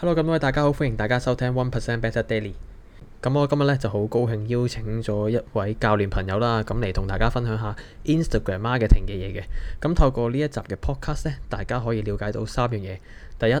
Hello，咁多位大家好，歡迎大家收聽 One Percent Better Daily。咁我今日咧就好高興邀請咗一位教練朋友啦，咁嚟同大家分享下 Instagram Marketing 嘅嘢嘅。咁透過呢一集嘅 Podcast 咧，大家可以了解到三樣嘢。第一。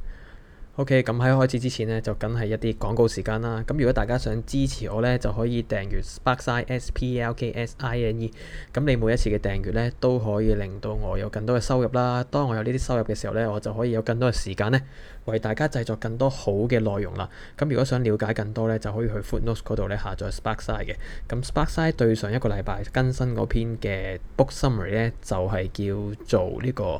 O.K. 咁喺開始之前呢，就梗係一啲廣告時間啦。咁如果大家想支持我呢，就可以訂閱 Sparkside S P L K S I N E。咁你每一次嘅訂閱呢，都可以令到我有更多嘅收入啦。當我有呢啲收入嘅時候呢，我就可以有更多嘅時間呢，為大家製作更多好嘅內容啦。咁如果想了解更多呢，就可以去 Footnotes 嗰度呢下載 Sparkside 嘅。咁 Sparkside 對上一個禮拜更新嗰篇嘅 book summary 呢，就係叫做呢個。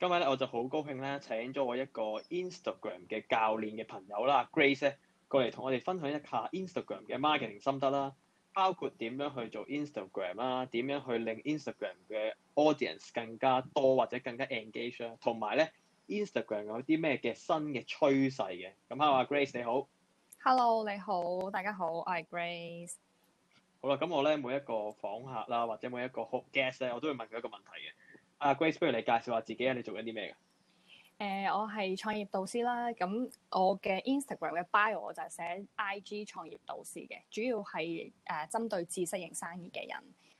今日咧，我就好高興咧請咗我一個 Instagram 嘅教練嘅朋友啦，Grace 咧過嚟同我哋分享一下 Instagram 嘅 marketing 心得啦，包括點樣去做 Instagram 啦，點樣去令 Instagram 嘅 audience 更加多或者更加 engage 啦，同埋咧 Instagram 有啲咩嘅新嘅趨勢嘅。咁 Hello 啊，Grace 你好。Hello，你好，大家好，我係 Grace 好。好啦，咁我咧每一個訪客啦，或者每一個好 guest 咧，我都會問佢一個問題嘅。啊 Grace，不如你介紹下自己啊，你做緊啲咩嘅？誒、呃，我係創業導師啦。咁我嘅 Instagram 嘅 bio 我就係寫 IG 創業導師嘅，主要係誒針對知識型生意嘅人。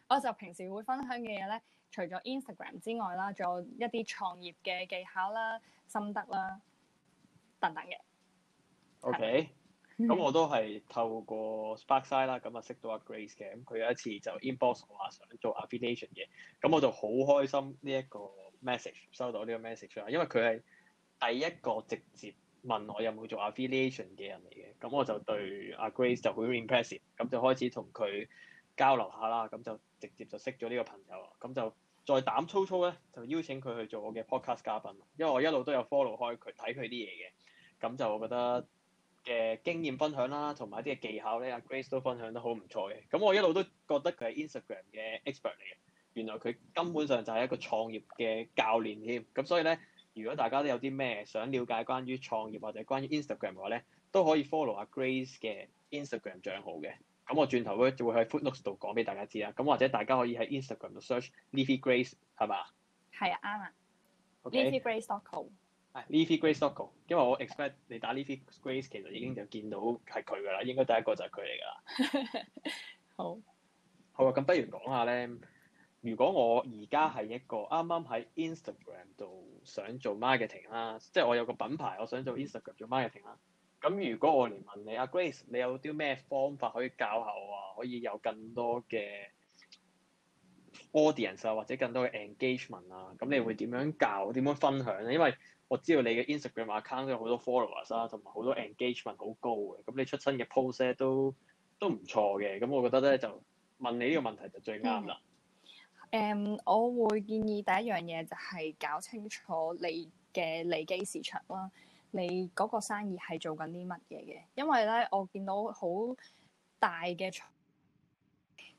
我就平時會分享嘅嘢咧，除咗 Instagram 之外啦，仲有一啲創業嘅技巧啦、心得啦等等嘅。OK。咁、嗯、我都係透過、yeah. Sparkside 啦，咁啊識到阿 Grace 嘅，咁佢有一次就 inbox 我話想做 affiliation 嘅，咁我就好開心呢一個 message 收到呢個 message 出嚟，因為佢係第一個直接問我有冇做 affiliation 嘅人嚟嘅，咁我就對阿 Grace 就好 impressive，咁就開始同佢交流下啦，咁就直接就識咗呢個朋友，咁就再膽粗粗咧就邀請佢去做我嘅 podcast 嘉賓，因為我一路都有 follow 開佢睇佢啲嘢嘅，咁就我覺得。誒經驗分享啦，同埋啲嘅技巧咧，阿 Grace 都分享得好唔錯嘅。咁我一路都覺得佢係 Instagram 嘅 expert 嚟嘅，原來佢根本上就係一個創業嘅教練添。咁所以咧，如果大家都有啲咩想了解關於創業或者關於 Instagram 嘅話咧，都可以 follow 阿 Grace 嘅 Instagram account 嘅。咁我轉頭會會喺 Footnotes 度講俾大家知啦。咁或者大家可以喺 Instagram 度 search Livy Grace 係嘛？係啊，啱啊，Livy Grace s o c k o l Leafy Grace.com，因為我 expect 你打 Leafy Grace 其實已經就見到係佢㗎啦，應該第一個就係佢嚟㗎啦。 好，好啊，咁不如講下咧，如果我而家係一個啱啱喺 Instagram 度想做 marketing 啦，即係我有個品牌，我想做 Instagram 做 marketing 啦。咁如果我嚟問你啊，Grace，你有啲咩方法可以教下我啊？可以有更多嘅 audience 啊，或者更多嘅 engagement 啊？咁你會點樣教？點樣分享咧？因為我知道你嘅 Instagram account 都有好多 followers 啦，同埋好多 engagement 好高嘅。咁你出新嘅 post 都都唔錯嘅。咁我覺得咧就問你呢個問題就最啱啦。誒、嗯嗯，我會建議第一樣嘢就係搞清楚你嘅利基市場啦，你嗰個生意係做緊啲乜嘢嘅？因為咧我見到好大嘅。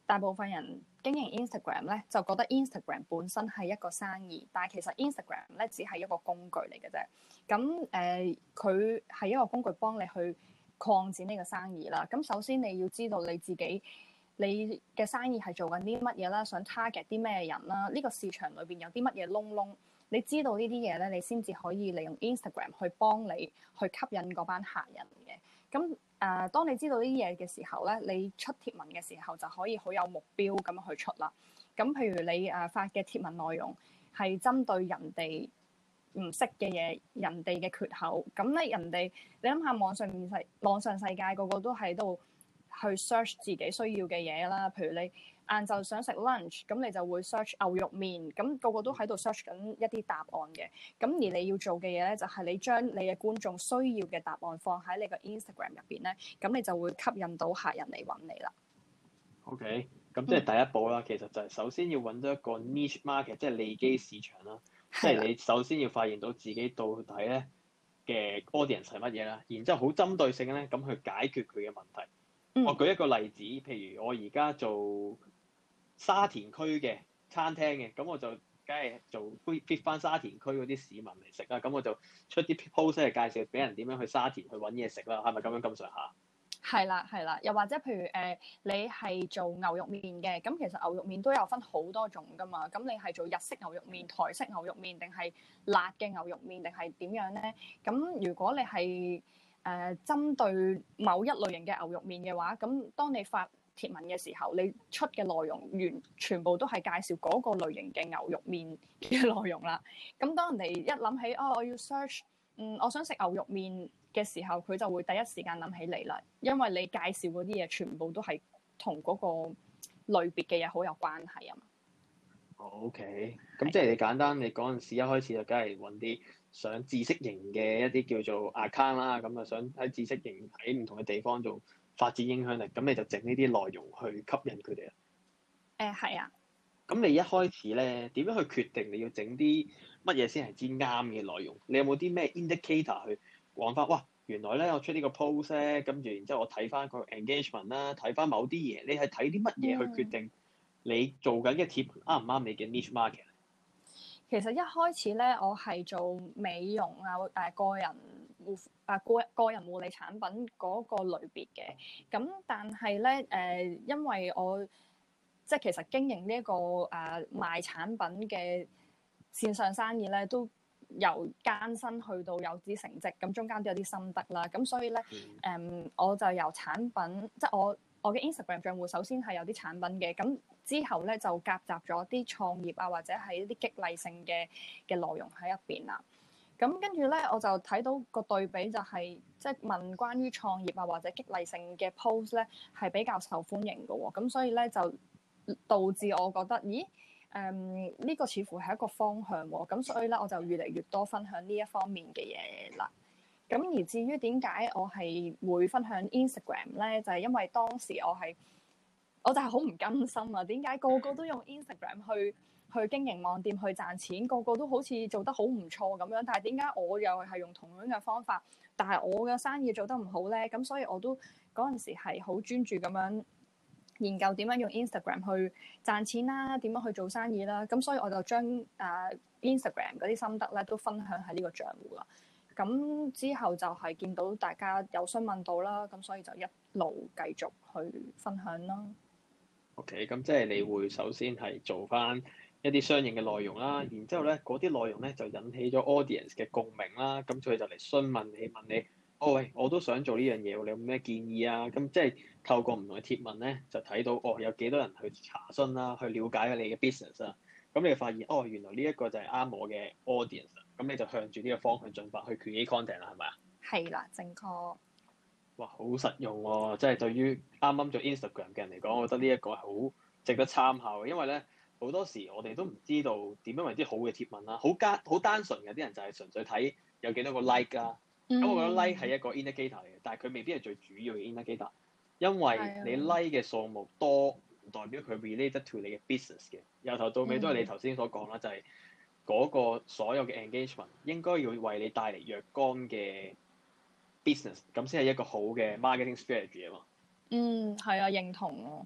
大部分人經營 Instagram 咧，就覺得 Instagram 本身係一個生意，但係其實 Instagram 咧只係一個工具嚟嘅啫。咁、嗯、誒，佢係一個工具幫你去擴展呢個生意啦。咁、嗯、首先你要知道你自己你嘅生意係做緊啲乜嘢啦，想 target 啲咩人啦，呢、呢個市場裏邊有啲乜嘢窿窿，你知道呢啲嘢咧，你先至可以利用 Instagram 去幫你去吸引嗰班客人。咁誒，當你知道呢啲嘢嘅時候咧，你出貼文嘅時候就可以好有目標咁樣去出啦。咁譬如你誒發嘅貼文內容係針對人哋唔識嘅嘢，人哋嘅缺口。咁咧人哋，你諗下網上面世網上世界個個都喺度去 search 自己需要嘅嘢啦，譬如你。晏晝想食 lunch，咁你就會 search 牛肉麵，咁、那個個都喺度 search 緊一啲答案嘅。咁而你要做嘅嘢咧，就係、是、你將你嘅觀眾需要嘅答案放喺你個 Instagram 入邊咧，咁你就會吸引到客人嚟揾你啦。OK. 咁即係第一步啦。嗯、其實就係首先要揾到一個 niche market，即係利基市場啦。嗯、即係你首先要發現到自己到底咧嘅 audience 係乜嘢啦，然之後好針對性咧咁去解決佢嘅問題。嗯、我舉一個例子，譬如我而家做。沙田區嘅餐廳嘅，咁我就梗係做 fit fit 翻沙田區嗰啲市民嚟食啦，咁我就出啲 post 嚟介紹俾人點樣去沙田去搵嘢食啦，係咪咁樣咁上下？係啦係啦，又或者譬如誒，你係做牛肉麵嘅，咁其實牛肉麵都有分好多種㗎嘛，咁你係做日式牛肉麵、台式牛肉麵，定係辣嘅牛肉麵，定係點樣咧？咁如果你係誒針對某一類型嘅牛肉麵嘅話，咁當你發貼文嘅時候，你出嘅內容完全部都係介紹嗰個類型嘅牛肉麵嘅內容啦。咁當人哋一諗起哦，我要 search，嗯，我想食牛肉麵嘅時候，佢就會第一時間諗起你啦，因為你介紹嗰啲嘢全部都係同嗰個類別嘅嘢好有關係啊嘛。OK，咁即係你簡單，你嗰陣時一開始就梗係搵啲想知識型嘅一啲叫做 account 啦，咁啊想喺知識型喺唔同嘅地方做。發展影響力，咁你就整呢啲內容去吸引佢哋啦。誒、呃，係啊。咁你一開始咧，點樣去決定你要整啲乜嘢先係至啱嘅內容？你有冇啲咩 indicator 去講翻？哇，原來咧我出呢個 post 咧，跟住然之後我睇翻個 engagement 啦，睇翻某啲嘢，你係睇啲乜嘢去決定你做緊嘅貼啱唔啱你嘅 niche market？其實一開始咧，我係做美容啊，誒、啊、個人。啊，個個人護理產品嗰個類別嘅，咁但係咧誒，因為我即係其實經營呢、這、一個誒、呃、賣產品嘅線上生意咧，都由艱辛去到有啲成績，咁中間都有啲心得啦。咁所以咧誒、嗯嗯，我就由產品即係我我嘅 Instagram 賬戶首先係有啲產品嘅，咁之後咧就夾雜咗啲創業啊，或者係一啲激勵性嘅嘅內容喺入邊啦。咁跟住咧，我就睇到個對比就係，即係問關於創業啊或者激勵性嘅 post 咧，係比較受歡迎嘅喎。咁所以咧就導致我覺得，咦，誒呢個似乎係一個方向喎。咁所以咧，我就越嚟越多分享呢一方面嘅嘢啦。咁而至於點解我係會分享 Instagram 咧，就係因為當時我係，我就係好唔甘心啊！點解個個都用 Instagram 去？去經營網店去賺錢，個個都好似做得好唔錯咁樣，但係點解我又係用同樣嘅方法，但係我嘅生意做得唔好咧？咁所以我都嗰陣時係好專注咁樣研究點樣用 Instagram 去賺錢啦，點樣去做生意啦。咁所以我就將誒、uh, Instagram 嗰啲心得咧都分享喺呢個賬戶啦。咁之後就係見到大家有詢問到啦，咁所以就一路繼續去分享啦。OK，咁即係你會首先係做返，一啲相應嘅內容啦，然之後咧嗰啲內容咧就引起咗 audience 嘅共鳴啦。咁佢就嚟詢問你，問你哦，喂，我都想做呢樣嘢喎，你有冇咩建議啊？咁即係透過唔同嘅貼文咧，就睇到哦，有幾多人去查詢啦，去了解你嘅 business 啊。咁你就發現哦，原來呢一個就係啱我嘅 audience，咁你就向住呢個方向進發去 create content 啦，係咪啊？係啦，正確。哇，好實用喎！即係對於啱啱做 Instagram 嘅人嚟講，我覺得呢一個係好值得參考嘅，因為咧。好多時我哋都唔知道點樣為啲好嘅貼文啦，好單好單純嘅，有啲人就係純粹睇有幾多個 like 啊。咁、嗯、我覺得 like 係一個 indicator 嚟嘅，但係佢未必係最主要嘅 indicator，因為你 like 嘅數目多唔代表佢 related to 你嘅 business 嘅。由頭到尾都係你頭先所講啦，嗯、就係嗰個所有嘅 engagement 應該要為你帶嚟若干嘅 business，咁先係一個好嘅 marketing strategy 啊嘛。嗯，係啊，認同啊。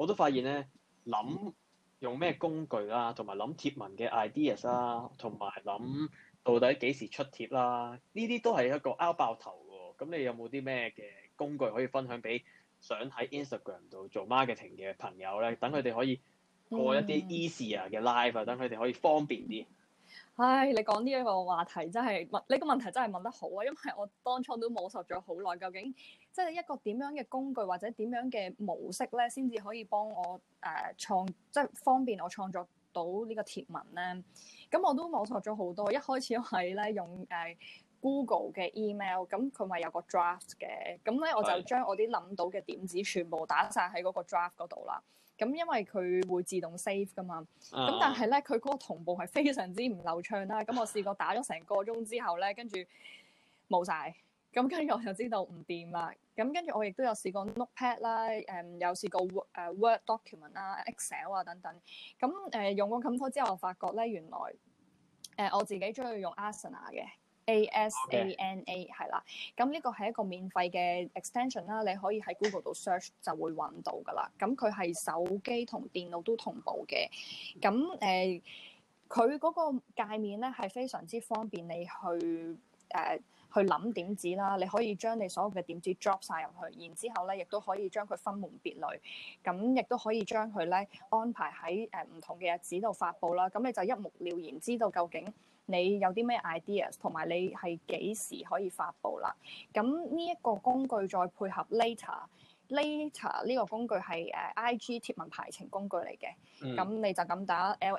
我都發現咧，諗用咩工具啦、啊，同埋諗貼文嘅 ideas 啦、啊，同埋諗到底幾時出貼啦、啊，呢啲都係一個 out 爆頭喎。咁你有冇啲咩嘅工具可以分享俾想喺 Instagram 度做 marketing 嘅朋友咧？等佢哋可以過一啲 easier 啊嘅 life 啊，等佢哋可以方便啲。唉，你講呢一個話題真係問，呢個問題真係問得好啊！因為我當初都摸索咗好耐，究竟即係一個點樣嘅工具或者點樣嘅模式咧，先至可以幫我誒創、呃，即係方便我創作到個呢個貼文咧。咁我都摸索咗好多，一開始係咧用誒、呃、Google 嘅 Email，咁佢咪有個 Draft 嘅，咁咧我就將我啲諗到嘅點子全部打晒喺嗰個 Draft 嗰度啦。咁因為佢會自動 save 噶嘛，咁、uh. 但係咧佢嗰個同步係非常之唔流暢啦。咁我試過打咗成個鐘之後咧，跟住冇晒。咁跟住我就知道唔掂啦。咁跟住我亦都有試過 Notepad 啦，誒、嗯、有試過誒 Word document 啦，Excel 啊等等。咁、嗯、誒、嗯、用過咁多之後，我發覺咧原來誒、呃、我自己中意用 Asana 嘅。Asana 係啦，咁呢個係一個免費嘅 extension 啦，你可以喺 Google 度 search 就會揾到噶啦。咁佢係手機同電腦都同步嘅，咁誒佢嗰個界面咧係非常之方便你去誒、呃、去諗點子啦。你可以將你所有嘅點子 drop 晒入去，然之後咧亦都可以將佢分門別類，咁亦都可以將佢咧安排喺誒唔同嘅日子度發布啦。咁你就一目瞭然知道究竟。你有啲咩 ideas，同埋你係幾時可以發布啦？咁呢一個工具再配合 Later，Later 呢、mm. 個工具係誒 IG 貼文排程工具嚟嘅。咁你就咁打 lat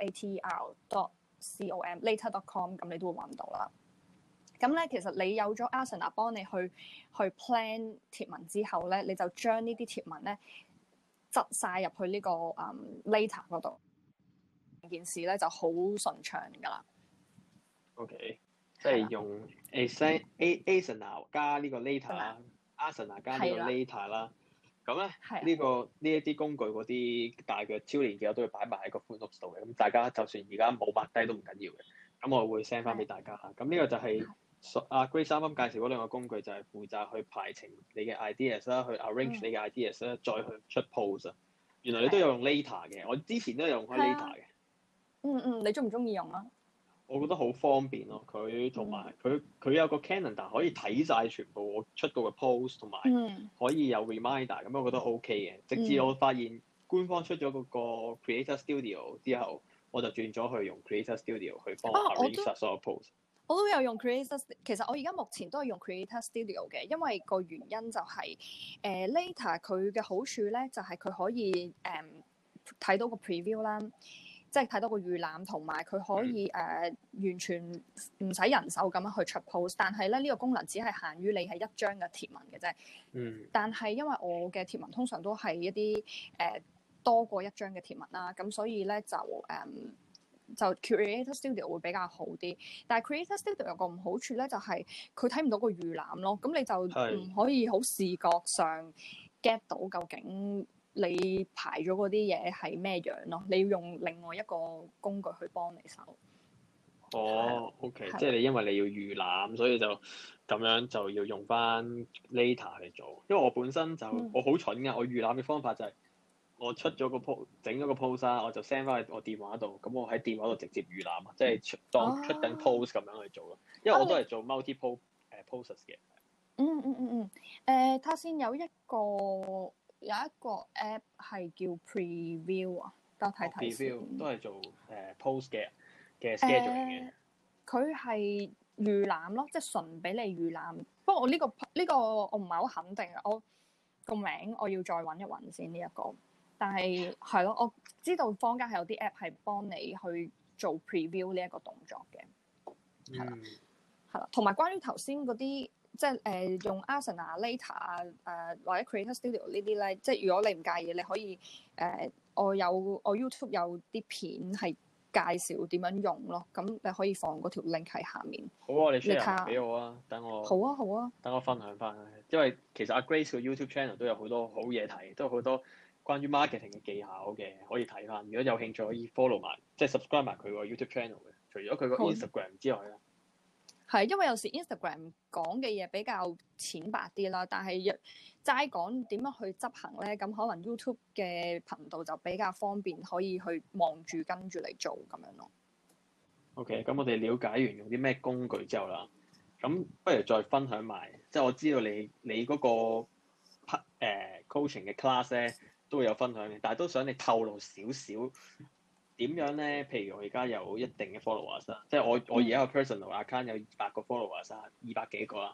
Later.com，Later.com，咁你都會揾到啦。咁咧，其實你有咗 Asana 幫你去去 plan 貼文之後咧，你就將呢啲貼文咧，擠晒入去呢、呢個誒、um, Later 度，件事咧就好順暢㗎啦。O.K. 即係用 Asana 加呢個 Later 啦，Asana 加呢個 Later 啦。咁咧呢個呢一啲工具嗰啲大腳超連結，我都會擺埋喺個 f u 度嘅。咁大家就算而家冇白低都唔緊要嘅。咁我會 send 翻俾大家。咁呢個就係阿 Grace 啱啱介紹嗰兩個工具，就係負責去排程你嘅 ideas 啦，去 arrange 你嘅 ideas 啦，再去出 pose。原來你都有用 Later 嘅，我之前都有用開 Later 嘅。嗯嗯，你中唔中意用啊？我覺得好方便咯，佢同埋佢佢有、mm. 有個 calendar 可以睇晒全部我出到嘅 post，同埋可以有 reminder，咁、mm. 我覺得 OK 嘅。直至我發現官方出咗嗰個 Creator Studio 之後，我就轉咗去用 Creator Studio 去幫我 arrange、啊、所有 post。我都有用 Creator，其實我而家目前都係用 Creator Studio 嘅，因為個原因就係誒 Later 佢嘅好處咧，就係、是、佢可以誒睇、呃、到個 preview 啦。即係睇到個預覽同埋佢可以誒、嗯呃、完全唔使人手咁樣去出 post，但係咧呢、這個功能只係限於你係一張嘅貼文嘅啫。嗯。但係因為我嘅貼文通常都係一啲誒、呃、多過一張嘅貼文啦，咁所以咧就誒、呃、就 Creator Studio 會比較好啲。但係 Creator Studio 有個唔好處咧，就係佢睇唔到個預覽咯，咁你就唔可以好視覺上 get 到究竟。你排咗嗰啲嘢係咩樣咯？你要用另外一個工具去幫你手？哦、oh，OK，的即係你因為你要預覽，所以就咁樣就要用翻 Later 去做。因為我本身就我好蠢㗎，我預覽嘅方法就係、是嗯、我出咗個 post 整咗個 post 我就 send 翻去我電話度，咁我喺電話度直接預覽，嗯啊、即係當出緊 post 咁樣去做咯。因為我都係做 multi、uh, post poses 嘅。嗯嗯嗯嗯，誒、嗯，塔、嗯、先、嗯嗯、有一個。有一個 app 係叫 preview 啊，得睇睇、哦、preview 都係做誒、uh, post 嘅嘅 schedule 嘅。佢係預覽咯，即係純俾你預覽。不過我呢、呢個呢、呢個我唔係好肯定啊，我、個名我要再揾一揾先呢一個。但係係咯，我知道坊間係有啲 app 係幫你去做 preview 呢一個動作嘅，係啦，係啦、嗯，同埋關於頭先嗰啲。即係誒、呃、用 Asana、呃、Later 啊，誒或者 Creator Studio 呢啲咧，即係如果你唔介意，你可以誒、呃、我有我 YouTube 有啲片係介紹點樣用咯，咁你可以放嗰條 link 喺下面。好啊，你 share 俾看我啊，等我。好啊，好啊，等我分享翻。因為其實阿、啊、Grace 個 YouTube channel 都有好多好嘢睇，都有好多關於 marketing 嘅技巧嘅，可以睇翻。如果有興趣可以 follow 埋，即係 subscribe 埋佢個 YouTube channel 嘅，除咗佢個 Instagram 之外啦。係，因為有時 Instagram 講嘅嘢比較淺白啲啦，但係齋講點樣去執行咧，咁可能 YouTube 嘅頻道就比較方便，可以去望住跟住嚟做咁樣咯。OK，咁我哋了解完用啲咩工具之後啦，咁不如再分享埋，即係我知道你你嗰個、呃、coaching 嘅 class 咧，都會有分享，但係都想你透露少少。點樣咧？譬如我而家有一定嘅 followers 啦，即係、嗯、我我而家個 personal account 有二百個 followers 啦，二百幾個啦。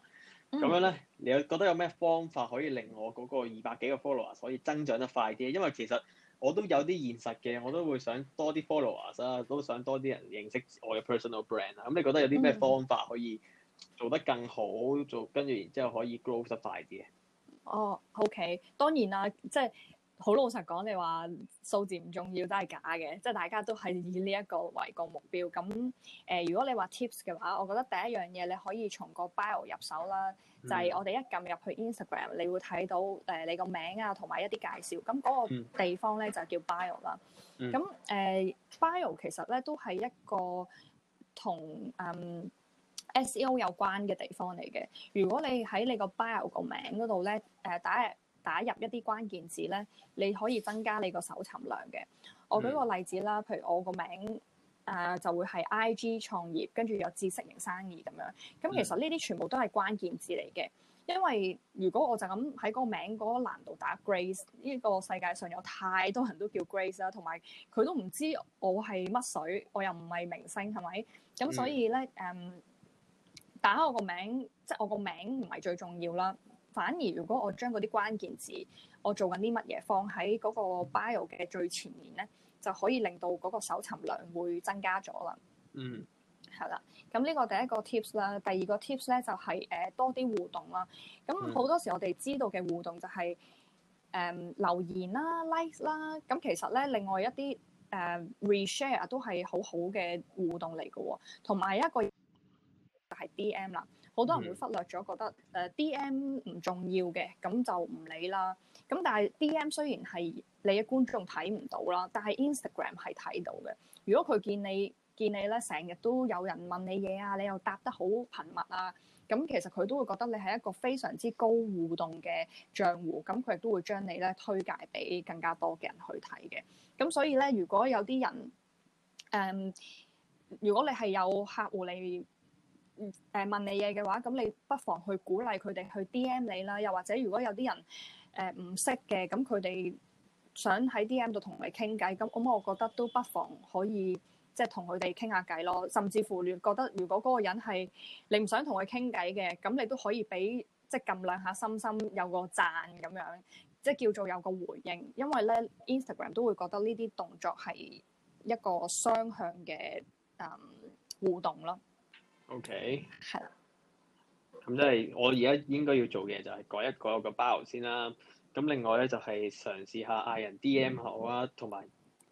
咁樣咧，你有覺得有咩方法可以令我嗰個二百幾個 followers 可以增長得快啲？因為其實我都有啲現實嘅，我都會想多啲 followers 啊，都想多啲人認識我嘅 personal brand 啊、嗯。咁、嗯、你覺得有啲咩方法可以做得更好，做跟住然之後可以 grow 得快啲嘅？哦，OK，當然啦，即係。好老實講，你話數字唔重要都係假嘅，即係大家都係以呢一個為個目標。咁誒、呃，如果你話 tips 嘅話，我覺得第一樣嘢你可以從個 bio 入手啦，就係、是、我哋一撳入去 Instagram，你會睇到誒、呃、你個名啊同埋一啲介紹。咁嗰個地方咧就叫 bio 啦。咁誒、嗯呃、bio 其實咧都係一個同嗯 SEO 有關嘅地方嚟嘅。如果你喺你個 bio 個名嗰度咧誒打，打入一啲關鍵字咧，你可以增加你個搜尋量嘅。我舉個例子啦，譬如我個名誒、呃、就會係 I G 創業，跟住有知識型生意咁樣。咁其實呢啲全部都係關鍵字嚟嘅。因為如果我就咁喺個名嗰個欄度打 Grace，呢個世界上有太多人都叫 Grace 啦，同埋佢都唔知我係乜水，我又唔係明星，係咪？咁所以咧誒、呃，打我個名，即係我個名唔係最重要啦。反而如果我將嗰啲關鍵字，我做緊啲乜嘢放喺嗰個 bio 嘅最前面咧，就可以令到嗰個搜尋量會增加咗啦。嗯，係啦。咁呢個第一個 tips 啦，第二個 tips 咧就係、是、誒多啲互動啦。咁好多時我哋知道嘅互動就係、是、誒、嗯嗯、留言啦、like 啦。咁其實咧，另外一啲誒 re-share 都係好好嘅互動嚟嘅喎，同埋一個就係 DM 啦。好多人會忽略咗，覺得誒 DM 唔重要嘅，咁就唔理啦。咁但係 DM 雖然係你嘅觀眾睇唔到啦，但係 Instagram 係睇到嘅。如果佢見你見你咧，成日都有人問你嘢啊，你又答得好頻密啊，咁其實佢都會覺得你係一個非常之高互動嘅帳戶，咁佢亦都會將你咧推介俾更加多嘅人去睇嘅。咁所以咧，如果有啲人誒、嗯，如果你係有客戶你……誒問你嘢嘅話,話，咁你不妨去鼓勵佢哋去 DM 你啦。又或者如果有啲人誒唔識嘅，咁佢哋想喺 DM 度同你傾偈，咁咁我覺得都不妨可以即係同佢哋傾下偈咯。甚至乎，你覺得如果嗰個人係你唔想同佢傾偈嘅，咁你都可以俾即係撳兩下心心，有個讚咁樣，即係叫做有個回應。因為咧，Instagram 都會覺得呢啲動作係一個雙向嘅誒、嗯、互動咯。O K，係啦，咁 Okay. 嗯、即係我而家應該要做嘅就係改一改我個包先啦，咁另外咧就係、是、嘗試下嗌人 D M 好啊，同埋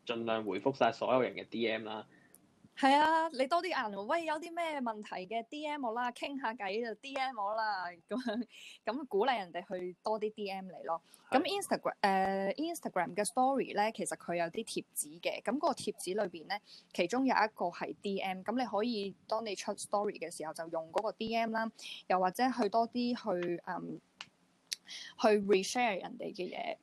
盡量回覆晒所有人嘅 D M 啦。係啊，你多啲人，喂，有啲咩問題嘅 D M 啦，傾下偈就 D M 我啦，咁樣咁鼓勵人哋去多啲 D M 嚟咯。咁的 Inst、呃、Instagram 誒 Instagram 嘅 story 咧，其實佢有啲貼紙嘅，咁、個貼紙裏邊咧，其中有一個係 D M，咁你可以當你出 story 嘅時候就用嗰個 D M 啦，又或者去多啲去誒、嗯、去 re-share 人哋嘅嘢。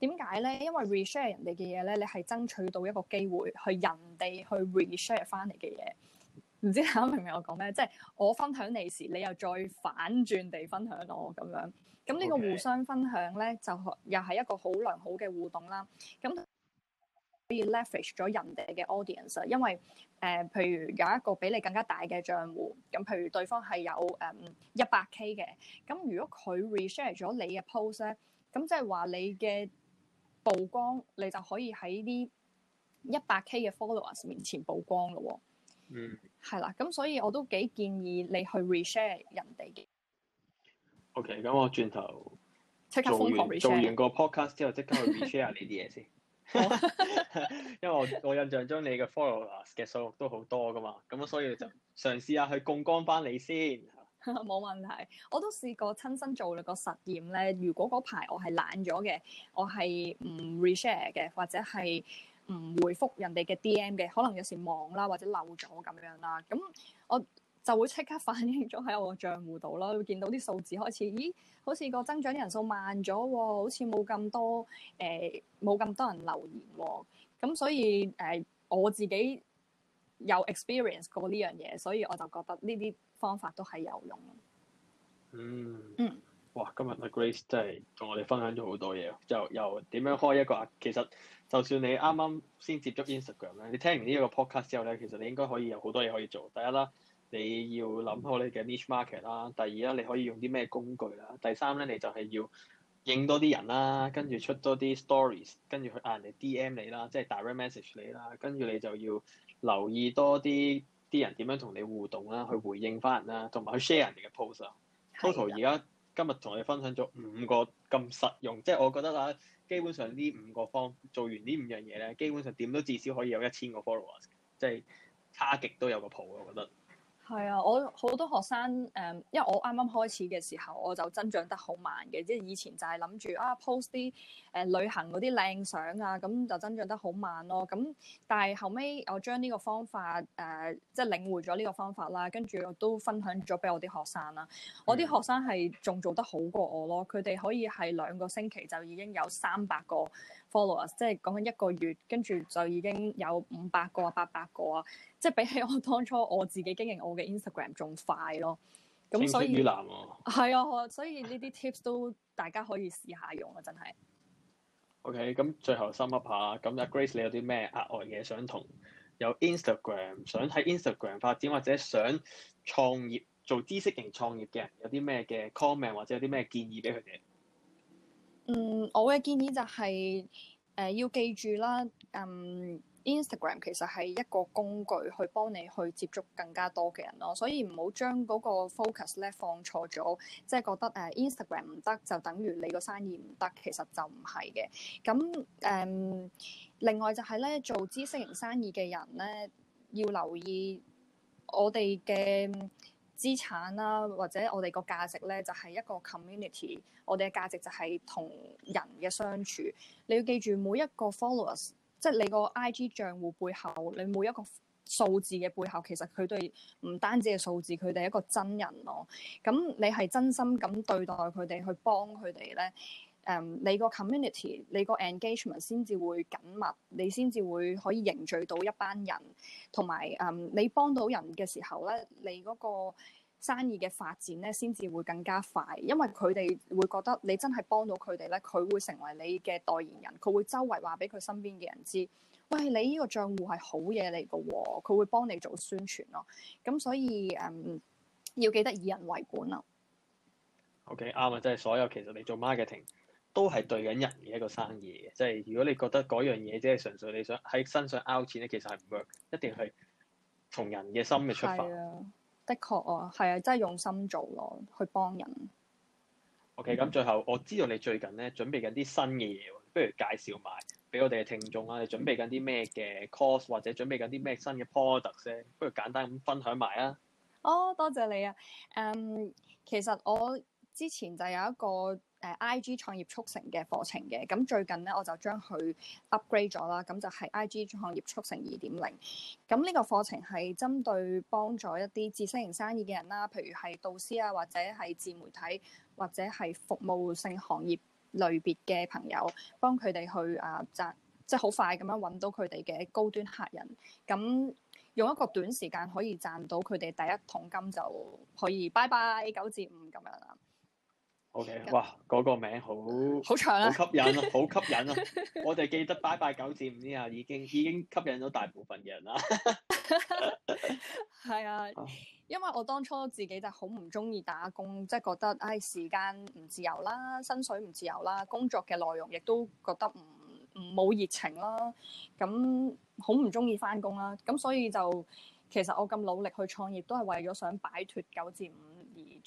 點解咧？因為 re-share 人哋嘅嘢咧，你係爭取到一個機會去人哋去 re-share 翻嚟嘅嘢。唔知大家明唔明我講咩？即係我分享你時，你又再反轉地分享我咁樣。咁呢個互相分享咧，就又係一個好良好嘅互動啦。咁可以 leverage 咗人哋嘅 audience，因為誒、呃，譬如有一個比你更加大嘅賬戶，咁譬如對方係有誒一百 K 嘅，咁如果佢 re-share 咗你嘅 post 咧，咁即係話你嘅。曝光你就可以喺啲一百 k 嘅 followers 面前曝光咯、哦，嗯，係啦，咁所以我都幾建議你去 re-share 人哋嘅。O.K. 咁我轉頭做完做完，做完個 podcast 之後，即刻去 re-share 你啲嘢先。 因為我我印象中你嘅 followers 嘅數目都好多噶嘛，咁啊所以就嘗試下去共光翻你先。冇 問題，我都試過親身做個實驗咧。如果嗰排我係懶咗嘅，我係唔 re-share 嘅，或者係唔回覆人哋嘅 D.M. 嘅，可能有時忙啦，或者漏咗咁樣啦。咁我就會即刻反映咗喺我個賬戶度啦，會見到啲數字開始，咦，好似個增長啲人數慢咗喎、哦，好似冇咁多誒，冇、呃、咁多人留言喎。咁、哦、所以誒、呃，我自己，有 experience 過呢樣嘢，所以我就覺得呢啲方法都係有用。嗯，哇！今日阿 Grace 真係同我哋分享咗好多嘢。就由點樣開一個啊，其實就算你啱啱先接觸 Instagram 咧，你聽完呢一個 podcast 之後咧，其實你應該可以有好多嘢可以做。第一啦，你要諗好你嘅 niche market 啦。第二啦，你可以用啲咩工具啦。第三咧，你就係要應多啲人啦，跟住出多啲 stories，跟住去嗌人哋 DM 你啦，即係 direct message 你啦，跟住你就要。留意多啲啲人點樣同你互動啦，去回應翻人啦，同埋去 share 人哋嘅 post 啊的。Total 而家今日同你分享咗五個咁實用，即係我覺得啊，基本上呢五個方做完呢五樣嘢咧，基本上點都至少可以有一千個 followers，即係差極都有個譜，我覺得。係啊，我好多學生誒、嗯，因為我啱啱開始嘅時候，我就增長得好慢嘅。即係以前就係諗住啊，post 啲誒旅行嗰啲靚相啊，咁就增長得好慢咯。咁但係後尾，我將呢個方法誒、呃，即係領會咗呢個方法啦，跟住我都分享咗俾我啲學生啦。我啲學生係仲做得好過我咯，佢哋可以係兩個星期就已經有三百個 Followers，即係講緊一個月，跟住就已經有五百個啊、八百個啊，即係比起我當初我自己經營我嘅 Instagram 仲快咯。咁所以係、哦、啊，所以呢啲 tips 都大家可以試下用啊，真係。OK，咁最後 sum up 一下，咁阿 Grace 你有啲咩額外嘢想同有 Instagram 想喺 Instagram 發展或者想創業做知識型創業嘅人有啲咩嘅 comment 或者有啲咩建議俾佢哋？嗯，我嘅建議就係誒要記住啦，嗯，Instagram 其實係一個工具去幫你去接觸更加多嘅人咯，所以唔好將嗰個 focus 咧放錯咗，即係覺得誒 Instagram 唔得，就等於你個生意唔得，其實就唔係嘅。咁誒，另外就係咧做知識型生意嘅人咧，要留意我哋嘅。資產啦、啊，或者我哋個價值咧，就係、是、一個 community。我哋嘅價值就係同人嘅相處。你要記住每一個 followers，即係你個 IG 賬戶背後，你每一個數字嘅背後，其實佢哋唔單止係數字，佢哋係一個真人咯、啊。咁你係真心咁對待佢哋，去幫佢哋咧。誒，um, 你個 community，你個 engagement 先至會緊密，你先至會可以凝聚到一班人，同埋誒，你幫到人嘅時候咧，你嗰個生意嘅發展咧，先至會更加快。因為佢哋會覺得你真係幫到佢哋咧，佢會成為你嘅代言人，佢會周圍話俾佢身邊嘅人知，喂，你呢個賬戶係好嘢嚟㗎喎，佢會幫你做宣傳咯。咁所以誒，um, 要記得以人為本啦。OK。啱啊，即係所有其實你做 marketing。都係對緊人嘅一個生意嘅，即係如果你覺得嗰樣嘢只係純粹你想喺身上 out 錢咧，其實係唔 work，一定係從人嘅心嘅出發的。的確啊，係啊，真係用心做咯，去幫人。O K，咁最後我知道你最近咧準備緊啲新嘅嘢，不如介紹埋俾我哋嘅聽眾啊。你準備緊啲咩嘅 course 或者準備緊啲咩新嘅 product 啫？不如簡單咁分享埋啊。哦，多謝你啊。誒、um，其實我之前就有一個。誒 IG 創業促成嘅課程嘅，咁最近咧我就將佢 upgrade 咗啦，咁就係 IG 創業促成二點零。咁呢個課程係針對幫咗一啲知識型生意嘅人啦，譬如係導師啊，或者係自媒體，或者係服務性行業類別嘅朋友，幫佢哋去啊賺，即係好快咁樣揾到佢哋嘅高端客人，咁用一個短時間可以賺到佢哋第一桶金就可以拜拜，九至五咁樣啦。Okay, 哇，嗰、那個名好，好長、啊，好吸引啊，好吸引啊！ 我哋記得拜拜九字五之後，已經已經吸引咗大部分嘅人啦。係 啊，因為我當初自己就好唔中意打工，即、就、係、是、覺得唉、哎、時間唔自由啦，薪水唔自由啦，工作嘅內容亦都覺得唔冇熱情啦，咁好唔中意返工啦。咁所以就其實我咁努力去創業，都係為咗想擺脫九字五。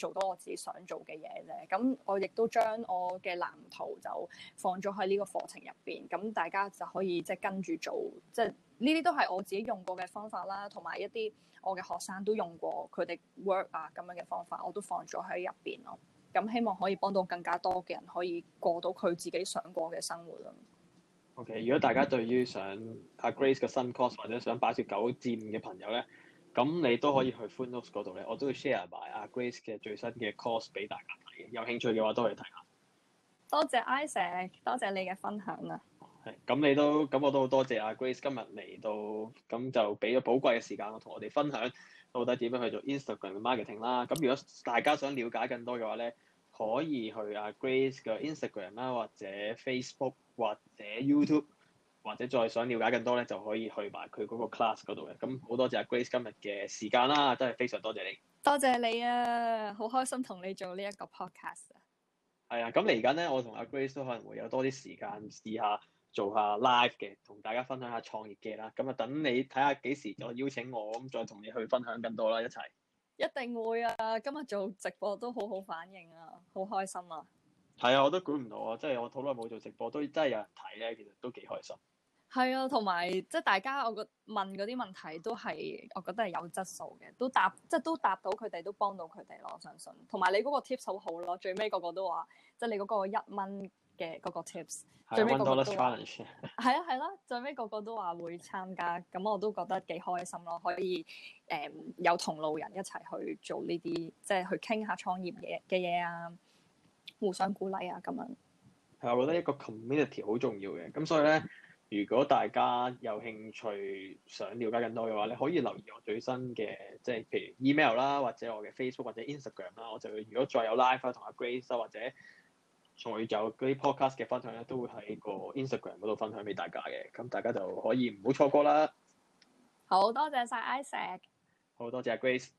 做到我自己想做嘅嘢咧，咁我亦都將我嘅藍圖就放咗喺呢個課程入邊，咁大家就可以即係跟住做，即係呢啲都係我自己用過嘅方法啦，同埋一啲我嘅學生都用過佢哋 work 啊咁樣嘅方法，我都放咗喺入邊咯。咁希望可以幫到更加多嘅人可以過到佢自己想過嘅生活咯。OK，如果大家對於想 upgrade 個新 course 或者想擺脱九戰嘅朋友咧～咁你都可以去 Funos 嗰度咧，我都要 share 埋阿 Grace 嘅最新嘅 course 俾大家睇嘅，有興趣嘅話都可以睇下。多謝 I s a 多謝你嘅分享啊！係，咁你都咁我都好多謝阿 Grace 今日嚟到，咁就俾咗寶貴嘅時間我同我哋分享，嗯、到，分享到底得點樣去做 Instagram 嘅 marketing 啦。咁如果大家想了解更多嘅話咧，可以去阿、啊、Grace 嘅 Instagram 啦，或者 Facebook 或者 YouTube。或者再想了解更多咧，就可以去埋佢嗰個 class 嗰度嘅。咁好多謝阿 Grace 今日嘅時間啦，真係非常多謝你。多謝你啊，好開心同你做呢一個 podcast 啊。係啊，咁嚟緊咧，我同阿 Grace 都可能會有多啲時間試下做下 live 嘅，同大家分享下創業嘅啦。咁啊，等你睇下幾時再邀請我，咁再同你去分享更多啦，一齊。一定會啊！今日做直播都好好反應啊，好開心啊。係啊，我都估唔到啊，即係我好耐冇做直播，都真係有人睇咧，其實都幾開心。係啊，同埋即係大家我覺問嗰啲問題都係我覺得係有質素嘅，都答即係都答到佢哋，都幫到佢哋咯。我相信同埋你嗰個 tips 好好咯，最尾個個都話即係你嗰個，個 tips、啊、一蚊嘅嗰個 tips，最尾個都係 啊係啦、啊，最尾個個都話會參加咁，我都覺得幾開心咯，可以誒、嗯、有同路人一齊去做呢啲即係去傾下創業嘅嘅嘢啊，互相鼓勵啊咁樣係、啊、我覺得一個 community 好重要嘅咁，所以咧。如果大家有興趣想了解更多嘅話，你可以留意我最新嘅，即係譬如 email 啦，或者我嘅 Facebook 或者 Instagram 啦，我就會如果再有 live 同阿 Grace 或者再有嗰啲 podcast 嘅分享咧，都會喺個 Instagram 度分享俾大家嘅，咁大家就可以唔好錯過啦。好多謝晒 Isaac。好，多謝啊，Grace。